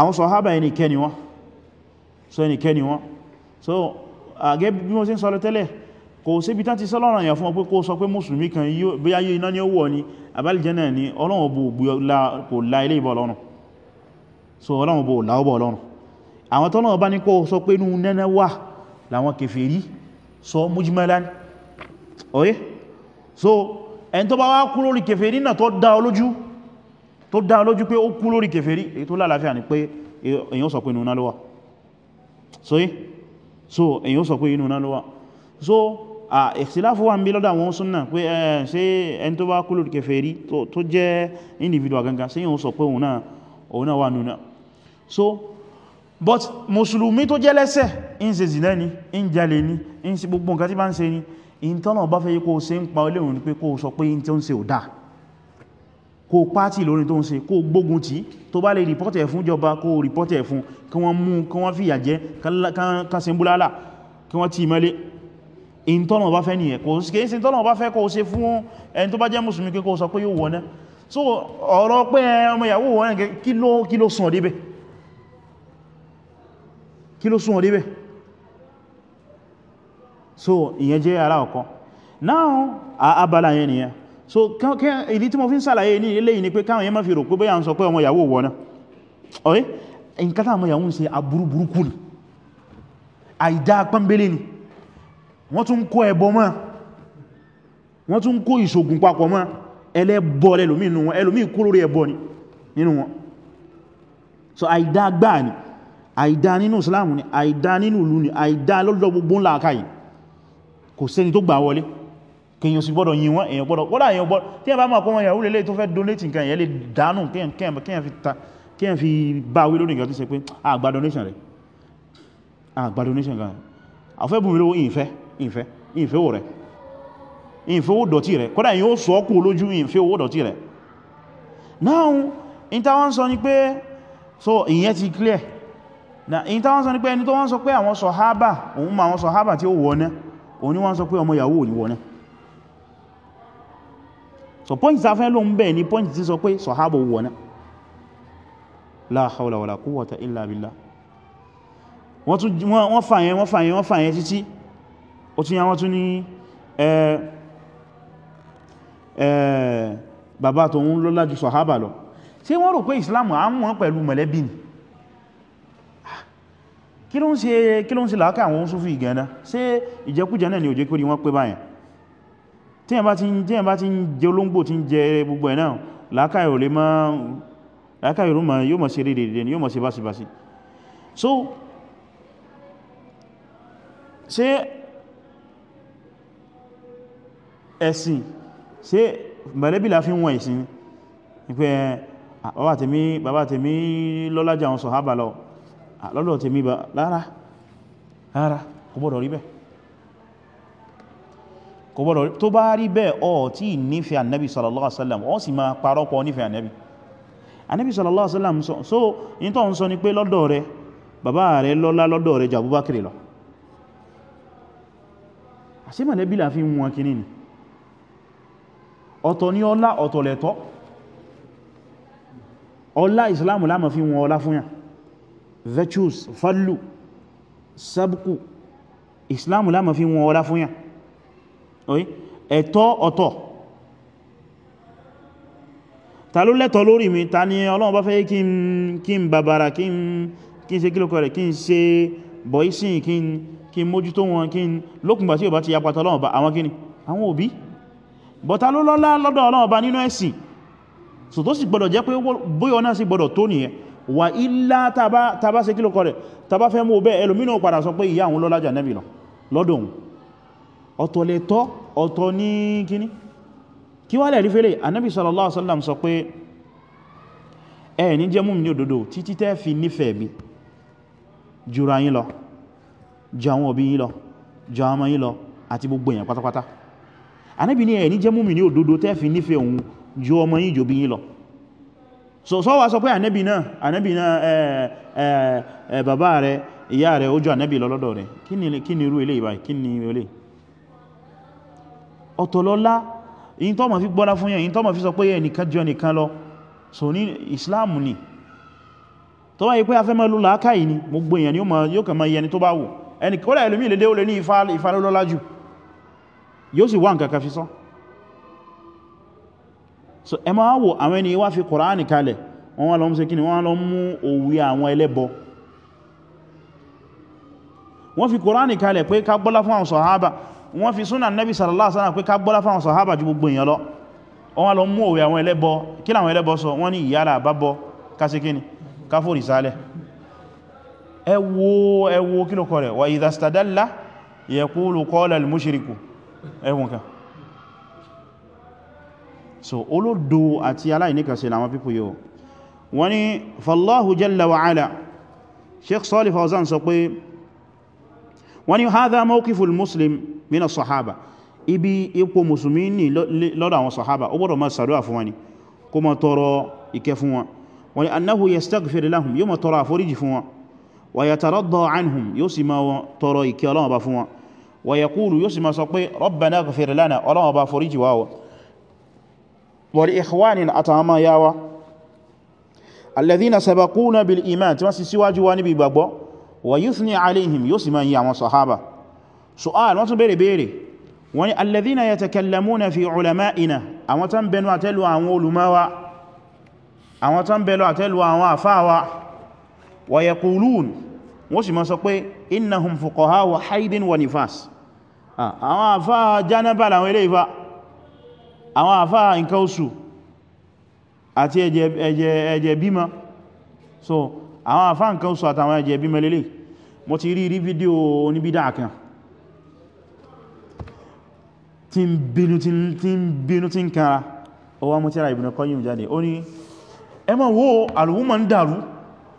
àwọn sọ̀hábà ẹnikẹ́ni wọn so ẹnikẹ́ni wọn so àgẹ́ bí wọ́n sí ń sọ́lọ tẹ́lẹ̀ kò síbi tán ti sọ́lọ́rọ̀ èyàn fún ọ pé kó sọ pé mùsùlùmí kan bí ayé iná ní owó ní abálìjẹ́nà ní ọlọ́run bò kò la ilé ìbọ̀ so ọlọ́run bò la ọbọ̀ ọlọ́run àwọn tọ́lọ́run bá ní kó sọ pé inú nẹ́nẹ́ wà láwọn so ẹni tó bá wá kú lórí kèfèrí tó dá lójú pé ó kú lórí kèfèrí èyí tó lálàáfíà ni pé èyàn sọ pé inú náà ló so so èyàn sọ pé inú náà ló so à ìsìláfù wà ń bí lọ́dọ̀ àwọn súnnà pé ṣe ẹn tó bá kú lórí kèfèrí tó jẹ́ individual gangan sí èyàn sọ pé òun náà wà nuna so but mùsùlùmí tó jẹ́ lẹ́sẹ̀ ń ṣe zìnà ni ń jalè ni ń ṣe gbogbo nǹkan tí bá ń ṣe ni ìntọ́nà bá fẹ́ yí kó ṣe ń pa olóòrùn pé kó sọ pé ń tí ń ṣe ò dáa kó pàtì lórí tó ń ṣe kó gbógun tí tó bá lè rìpọ́tẹ̀ fún jọba kó rìpọ́tẹ̀ fún kí wọ́n mú kí wọ́n fìyà jẹ kásẹ̀mbúlálà kí wọ́n ti mẹ́lé in tọ́nà bá fẹ́ nìyẹn kò sí kìí sí tọ́nà bá fẹ́ kó ṣe fún ẹni tó bá jẹ́ mùsùlùmí kí kó sọ so ọ̀rọ̀ pé ọmọ ìyàwó wọ́nẹ́ kí ló kí ló sùn ọ̀débẹ̀ kí ló sùn ọ̀débẹ̀ so ìyẹn jẹ́ ara ọ̀kan náà abala yẹn nìyẹn so ìdí tí mo fi ń sàlàyé ní ilé yìí ni pé káwọn yẹn má fi rò pé bóyá ń sọ pé ọmọ ìyàwó wọ́n náà ọ̀rẹ́ nǹkan táwọn ọmọ ìyàwó ń ṣe aburú burúkú ni àìdá pọ́nbélé ni wọ́n tún kó ẹbọ mọ́ wọ́n tún kó ìṣògùn papọ̀ mọ́ ẹlẹ́bọ ẹlòmí wọn ẹlòmí ni nínú ni àìdá ni àìdá nínú ìlú ni àìdá lọ́dọ̀ gbogbo ńlá kèyàn sì gbọ́dọ̀ yìn wọ́n èyàn gbọ́dọ̀ wọ́dá èyàn gbọ́dọ̀ tí ẹ bá máa kọ́ wọn yàwó lélẹ́ tó fẹ́ donate nǹkan èyàn lè dánù kíyàn fi bá wí lórí nǹkan tí ṣe pé àgbà donation rẹ̀ àgbà donation gan àfẹ́ bùn lówó ìfẹ́ ìfẹ́ ìfẹ́ owó rẹ̀ ìfẹ́ owó dọ̀tí rẹ̀ kọ́dà yóò sọ kú lójú ìfẹ́ owó dọ̀tí rẹ̀ now in ta wọ́n sọ ni pé so ìyẹn ti clear na in ta wọ́n sọ ni pé ẹni tó wọ́n sọ pé àwọn sọ̀hábà òun ma àwọn sọ̀hábà tí ó wọ́n náà òun ni wọ́n sọ pé ọmọ ìyàwó ò ní wọ́n náà so point ta fẹ́ ló ń bẹ̀ ní point tí sọ pé sọ̀hábà wọ̀ náà la hawla wala quwwata illa billah wọ́n fàyẹn wọ́n fàyẹn wọ́n fàyẹn títí ó tún yá wọ́n tún ní bàbá tó ń lọ́lá ju sọ̀hábà lọ ṣé wọ́n rò pé Islam a mọ́ pẹ̀lú mọ̀lẹ́bí ni kí ló ń ṣe láàkà àwọn Súfí ìgẹ̀ẹ́ná ṣé ìjẹkújẹ náà ni òjé kórí wọ́n pé báyẹn tíyàn bá ti ń jẹ olóngbò tí ń jẹ gbogbo ẹ̀ náà lákàyò lè máa lákàyò rú ma ni yóò mọ̀ sí básibási so ṣe ẹ̀sìn ṣe mẹ̀lẹ́bí la fi ń wọ̀n ìsìn ìpẹ́ bàbá tèmi bàbá tèmi lọ́lájà àwọn sọ̀hábà lọ lọ́dọ̀ tèmi bá rárá rárá kò gbọ́dọ̀ rí bẹ́ẹ̀ kò gbọ́dọ̀ tó bá rí bẹ́ẹ̀ ọ tí nífẹ́ annabi sallallahu alaihi wasallam ọ sì máa parọ́pọ̀ nífẹ́ annabi annabi sallallahu alaihi wasallam so in tó ń sọ ni pé lọ́dọ̀ rẹ bàbá rẹ lọ́lá lọ́dọ̀ rẹ jàbú bá kiri lọ àṣímọ̀lẹ́bí la fi ń wọn kìíní ọ̀tọ̀ ni ọlá ọ̀tọ̀ lẹ̀tọ́ ọlá ìsìláàmù láàmà fi wọn ọlá fúnyà virtues ẹ̀tọ́ ọ̀tọ̀ ta ló lẹ́tọ̀ lórí mi ta ni Ọlọ́run bá fẹ́ kí n bàbàrà kí n ṣe kílòkọ̀ rẹ̀ kí n ṣe bọ̀ísìn kí n mójútó wọn kí n lókùngbà tí ò bá ti yapata Ọlọ́run bá àwọn kíni àwọn òbí bọ̀ta ló lọ́lá lọ́dọ̀ Ọlọ́run bá nínú ẹ̀sìn so tó sì gbọdọ̀ jẹ́ pé bóyọ náà sì gbọdọ̀ tó nìyẹn wà ilá tàbá ṣe kílòkọ̀ rẹ̀ tàbá fẹ́ mú bẹ́ ẹlòmínà padà sọ pé ìyá àwọn lọ́lájà nẹ́bì lọ lọ́dọ̀ òun ọ̀tọ̀lẹ̀tọ́ ọ̀tọ̀ ní kíní kí wá lẹ̀rí fẹ́lẹ̀ anábi sallallahu alaihi wasallam sọ pé ẹ ní jẹ́ mùmínì òdodo títí tẹ́ fi nífẹ̀ẹ́ mi jura yín lọ ju àwọn òbí yín lọ ju àwọn ọmọ yín lọ àti gbogbo èèyàn pátápátá anábi ní ẹ ní jẹ́ mùmínì òdodo tẹ́ fi nífẹ̀ẹ́ òun ju ọmọ yín jòbí yín lọ so so wa sọ pé anábi náà anábi náà ẹ bàbá rẹ ìyá rẹ ó ju anábi lọ lọ́dọ̀ rẹ kí ni irú eléyìí báyìí kí ni eléyìí ọ̀tọ̀lọ́lá yìí tó ma fi gbọ́lá fún yẹn yìí tó ma fi sọ pé ẹnìkan jọ nìkan lọ so ní Islam ni tó wáyé pé afẹ́ mẹ́lú làákàyè ni gbogbo èèyàn ni yóò kàn máa yẹni tó bá wù ẹni kọ́lá ìlú mi lédé ó lè ní ifá jù yóò sì wá nǹkan kan fi sọ so ẹ máa wò àwọn ẹni wá fi Kùránì kalẹ̀ wọ́n wá lọ mú ṣe kíni wọ́n lọ mú òwe àwọn ẹlẹ́bọ wọ́n fi Kùránì kalẹ̀ pé ká gbọ́lá fún àwọn sàhábà wọ́n fi súnà nẹ́bí sallallahu alaihi wasallam pé ká gbọ́lá fáwọn sàhábà ju gbogbo èèyàn lọ wọ́n lọ mú òwe àwọn ẹlẹ́bọ kí làwọn ẹlẹ́bọ sọ wọ́n ní ìyára àbábọ kásíkíní káfòrì sálẹ̀ ẹ wò ẹ wò kí so olódo àti aláìníkàsí làwọn pípò yóò wọ́n ní fallahu jalla wa ala Sheikh Salih wọ́n ní hadha mawqiful muslim mina sahaba ibi ipò musulmi ní lọ́dọ̀ àwọn sahaba ó gbọ́dọ̀ máa sàdúwà fún wọn ni kó máa tọrọ ìkẹ́ fún wọn wọ́n ní annahu yastaghfir lahum yóò máa tọrọ àforíjì fún wọn wa yataradda anhum yóò sì máa tọrọ ìkẹ́ Ọlọ́run bá fún wọn wa yaqulu yóò sì máa sọ pé rabbana ighfir lana Ọlọ́run bá foríjì wá wa li ikhwanina àtàwọn máa yáwa alladhina sabaquna bil iman tí wọ́n sì síwájú wá níbi ìgbàgbọ́ wa yuthni alayhim yóò sì máa yí àwọn sahaba su'al wọ́n tún bèèrè bèèrè wọ́n ni alladhina yatakallamuna fi ulama'ina àwọn tán bẹnu àtẹ́lù àwọn olùmọ́wa àwọn tán bẹnu àtẹ́lù àwọn àfáwa wa yaqulun wọ́n sì máa sọ pé innahum fuqaha wa haidin wa nifas àwọn àfá janaba làwọn ilé ìfà àwọn àfá nǹkan oṣù àti ẹ̀jẹ̀ bímọ so àwọn àfá nǹkan sọ àtàwọn ẹjẹ̀ bí mẹ́lẹ́lẹ́ mo ti rí rí fídíò oníbídà kan tí ń bínú tí ń kára ọwá mo tíra Ibn Qayyim jáde ó ní ẹ má wo àlùwúmọ̀ ń dàrú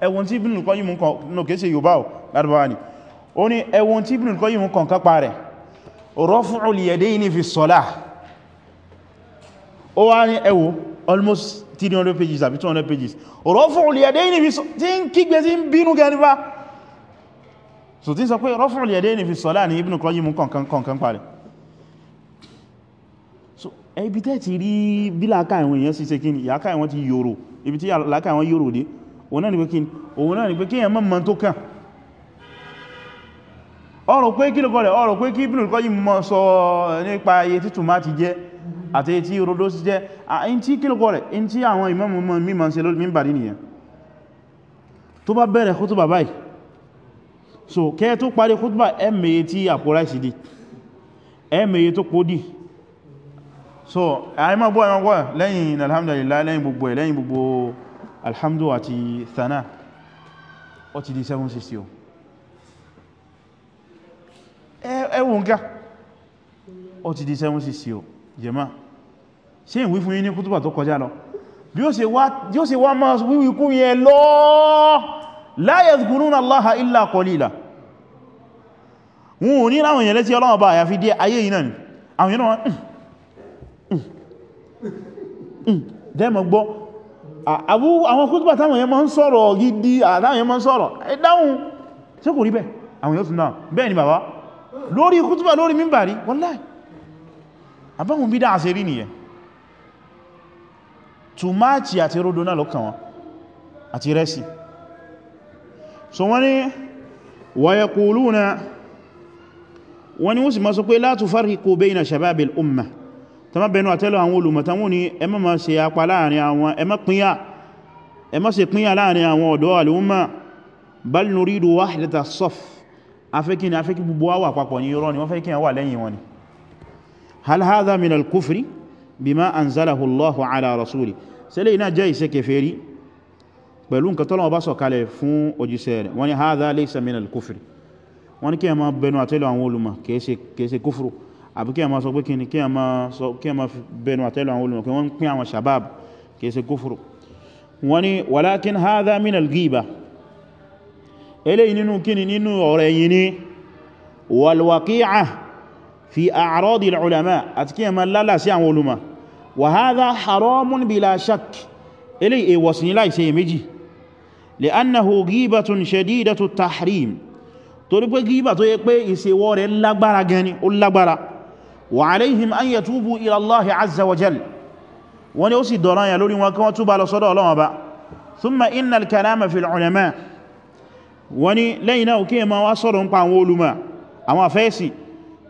ẹwọ́n tí Ibn Qayyim kan náà kìí ṣe Yorùbá lárúbáwá ni ó ní ẹwọ́n tí Ibn Qayyim kan kápá rẹ̀ raf'ul yadayni fi salah ó wá ní ẹwọ́ almost 300 pages àbí 200 pages rọ́fùl yadayni fi tí ń kígbe tí ń bínú gẹni bá so tí ń sọ pé rọ́fùl yadayni fi sọ́lá ní Ibn Qayyim kọ̀kan kọ̀kan parẹ̀ so ẹbí tẹ́ ti rí bí láàká ìwọ̀n èèyàn sí ṣe kí ni yàáká ìwọ̀n ti yòrò ibi tí láàká ìwọ̀n yòrò dé òun náà ni pé kí ni òun náà ni pé kí èèyàn mọ́ tó kàn ọ̀rọ̀ pé kí lókọ̀ rẹ̀ ọ̀rọ̀ pé kí Ibn Qayyim mọ́ sọ nípa iye títù má àti tí rodo sí jẹ́ in tí kílùkọ́ rẹ̀ in tí àwọn ìmọ̀mọ̀ mímọ̀ ṣe lórí mímbàrí nìyẹn tó bá bẹ̀rẹ̀ kútùbà báyìí so kẹ́ tó parí kútùbà ẹmẹ̀yẹ tí àpòrá ìsìdí ẹmẹ̀yẹ tó kó dì so àìmọ̀ bọ́ ẹmọ̀ bọ́ lẹ́yìn alhamdulillah lẹ́yìn gbogbo ẹ̀ lẹ́yìn gbogbo alhamdu àti thana ó ti di 760 ẹwùn ká ó ti di 760 jẹma ṣe ìwí fún yí ní kútùbà tó kọjá lọ bí ó ṣe wá máa wíwí kún yẹ lọ la yazkuruna Allaha illa qalila wọn ò ní láwọn èèyàn létí Ọlọ́run bá àyàfi dé ayé yìí náà ni àwọn èèyàn náà dẹ́mọ̀ gbọ́ àwọn kútùbà táwọn èèyàn máa ń sọ̀rọ̀ gidi àtàwọn èèyàn máa ń sọ̀rọ̀ ẹ̀dáhùn tí kò rí bẹ́ẹ̀ àwọn èèyàn tún náà bẹ́ẹ̀ ni bàbá lórí kútùbà lórí mímbàrí wallahi àbáwọn bídá àṣẹ rí nìyẹn tùmáàtì àti rodo náà lọ́kàn wọn àti rẹ́sì so wọ́n ni wa yaquluna wọ́n ni wọ́n sì máa sọ pé la tufarriqu bayna shababil umma ta ma bẹnu àtẹ́lọ àwọn olùmọ̀tánwò ni ẹ má ma ṣe apá láàrin àwọn ẹ má hal hadha min al-kufri bima anzalahu Allahu ala rasuli sẹ́lẹ̀ iná jẹ́ ìṣe kèfèrí pẹ̀lú nǹkan tọ́lọ́wọ́ bá sọ̀kalẹ̀ fún òjíṣẹ́ rẹ̀ wọ́n ni hadha laysa min al-kufri wọ́n ni kí a máa bẹnu àtẹ́lù àwọn olùmọ̀ kèése kúfùrù àbí kí a máa sọ pé kíni kí a máa bẹnu àtẹ́lù àwọn olùmọ̀ kí wọ́n pín àwọn fi a'radil ulama àti kí ẹmà lálà sí àwọn olùmọ̀ wa hadha haramun bila shak ilé ìwọ̀sí ní láìsẹ̀ méjì li'annahu ghibatun shadidatu tahrim torí pé gíbà tó yẹ pé ìsèwọ́ rẹ̀ lágbára gani ó lágbára wa alayhim an yatubu ila Allahi azza wa jal wọ́n ni ó sì dọ̀rọ̀ yà lórí wọn kí wọ́n túbà lọ sọ́dọ̀ Ọlọ́run Ọba thumma innal kalama fil ulama wọ́n lẹ́yìn náà kí ẹ ma wá sọ̀rọ̀ ń pa àwọn olùmọ̀ àwọn afẹ́sì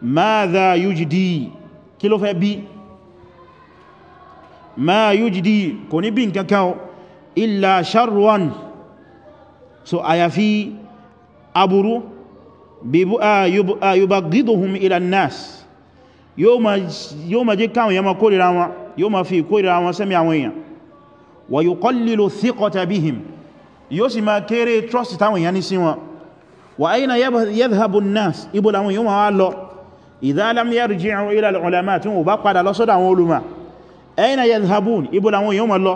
máàdá yújìdí kí ló fẹ́ bí máa yújìdí kò ní bí n kankan illa sharwan so àyàfi aburú ah, ah, yubaghiduhum ila nas yóò ma jẹ́ káwọn yamma kórìra wọn yóò ma fi kórìra wọn sẹ́mi àwọn èèyàn wa yuqallilu thiqata bihim yóò sì ma kéré trust táwọn èèyàn ní sí wọn wa ayna yadhhabu an-nas ibo làwọn yóò ma wá lọ idha lam yarji'u ila al-ulama tí wọ́n bá padà lọ sọ́dọ̀ àwọn olùmọ̀ ayna yadhhabun ibo làwọn yóò máa lọ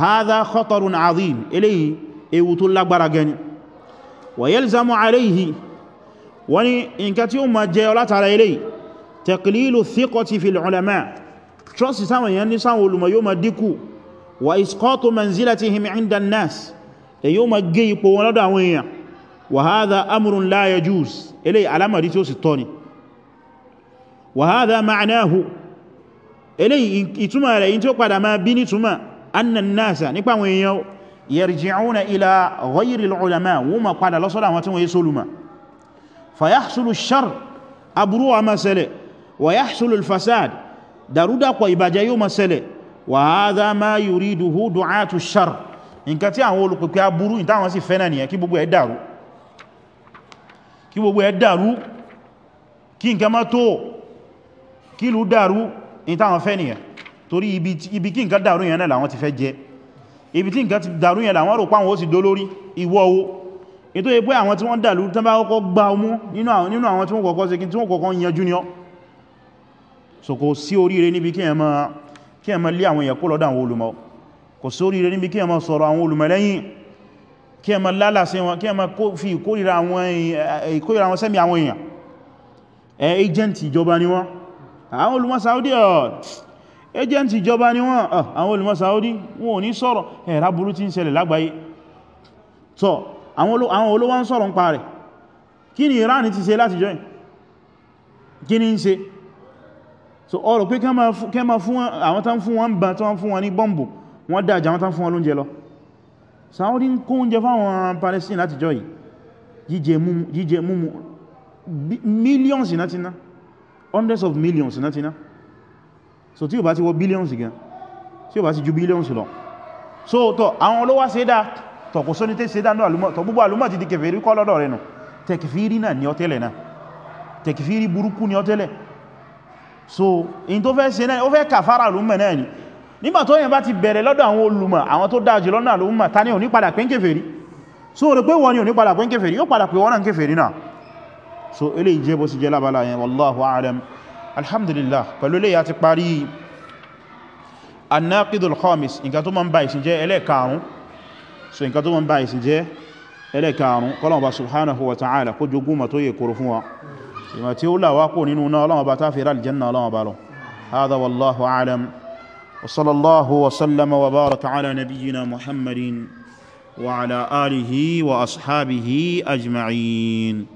hadha khatarun azim eléyìí ewu tó lágbára gani wa yalzamu alayhi wani nǹkan tí ó máa jẹ́ látara eléyìí taqlilu thiqati fil ulama trust sáwọn èèyàn ní sáwọn olùmọ̀ yóò máa dínkù wa isqatu manzilatihim 'inda an-nas e yóò máa gé ipò wọn lọ́dọ̀ àwọn èèyàn wa hadha amrun la yajuz eléyìí alamari tí ó sì tọ́ وهذا معناه إلي إتما لإن تقعد ما بين تما أن الناس نقبع ويو يرجعون إلى غير العلماء وما قال الله صلى الله عليه وسلم فيحصل الشر أبرو مسألة ويحصل الفساد دارودا قيباجيو مسألة وهذا ما يريده دعاة الشر nǹkan tí àwọn olùpẹ̀pẹ̀ aburú ní táwọn sì fẹ́nà nìyàn kí gbogbo ẹ̀ dàrú kí gbogbo ẹ̀ dàrú kí nǹkan má tó kí lù dàrú ní táwọn fẹ́ nìyẹn torí ibi kí nǹkan dàrú yẹn náà làwọn ti fẹ́ jẹ ibi tí nǹkan ti dàrú yẹn làwọn rò páwọn ó sì dolórí ìwọ owó ètò ìpé àwọn tí wọ́n dàrú tán bá kọ́kọ́ gba ọmú nínú àwọn tí wọ́n kọ́kọ́ ṣe tí wọ́n kọ́kọ́ yanjú ni ọ́ so kò sí oríire níbi kí ẹ má lé àwọn èèyàn kó lọ́dọ̀ àwọn olùmọ̀ kò sí oríire níbi kí ẹ má sọ̀rọ̀ àwọn olùmọ̀ lẹ́yìn kí ẹ má lálàsí wọn kí ẹ fi ìkórìíra àwọn sẹ́mi àwọn èèyàn agent ìjọba ni àwọn olùmọ̀ Saudi agent ìjọba ni wọ́n àwọn olùmọ̀ Saudi wọn ò ní sọ̀rọ̀ ẹ̀rá burú tí ń ṣẹlẹ̀ lágbàáyé so àwọn olówó ń sọ̀rọ̀ ń pa rẹ̀ kí ni Iran ti ṣe láti join kí ni ń ṣe so ọ̀rọ̀ pé kẹ́mà fún àwọn tán fún wọn bá tán fún wọn ní bọ́m̀bù wọ́n dájà wọn tán fún wọn lóúnjẹ lọ Saudi ń kó oúnjẹ fáwọn Palestine láti join jíjẹ múmu mílíọ̀nsì náà ti náà hundreds of millions náà ti so tí o bá ti wọ billions gan tí o bá ti ju billions lọ so tọ àwọn olówá ṣe dá tọ̀kù sọ́ni tẹ́ ṣe dá tọ gbogbo alùmọ̀ ti di kẹfẹ̀ẹ́rí kọ́ lọ́dọ̀ rẹ̀ nù tẹkifiri náà ni ọtẹ́lẹ̀ náà tẹkifiri burúkú ni ọtẹ́lẹ̀ so in tó fẹ́ ṣe náà ó fẹ́ kàfàrà alùmọ̀ náà ni nígbà tó yẹn bá ti bẹ̀rẹ̀ lọ́dọ̀ àwọn olùmọ̀ àwọn tó dáa lọ́nà alùmọ̀ ta ni ò ní padà pé ń so rẹ̀ pé wọ́n ni ò ní padà pé ń yóò padà pé wọ́n náà ń náà so ilé ìjẹ́ bó sì jẹ́ lábàlá yẹn wallahu a'lam alhamdulillah pẹ̀lú ilé ya ti parí annaqidul khamis nǹkan tó máa ń ba ìsìn jẹ́ ẹlẹ́karùn so nǹkan tó máa ń ba ìsìn jẹ́ ẹlẹ́karùn kọ́lọ̀ọ̀bá subhanahu wa ta'ala kó jogún ma tó yẹ kúrò wa ìmọ̀ tí ó làwá kò nínú náà ọlọ́mọba tá fi rà aljanna ọlọ́mọba lọ هذا والله أعلم وصلى الله وسلم وبارك على نبينا محمد وعلى آله وأصحابه أجمعين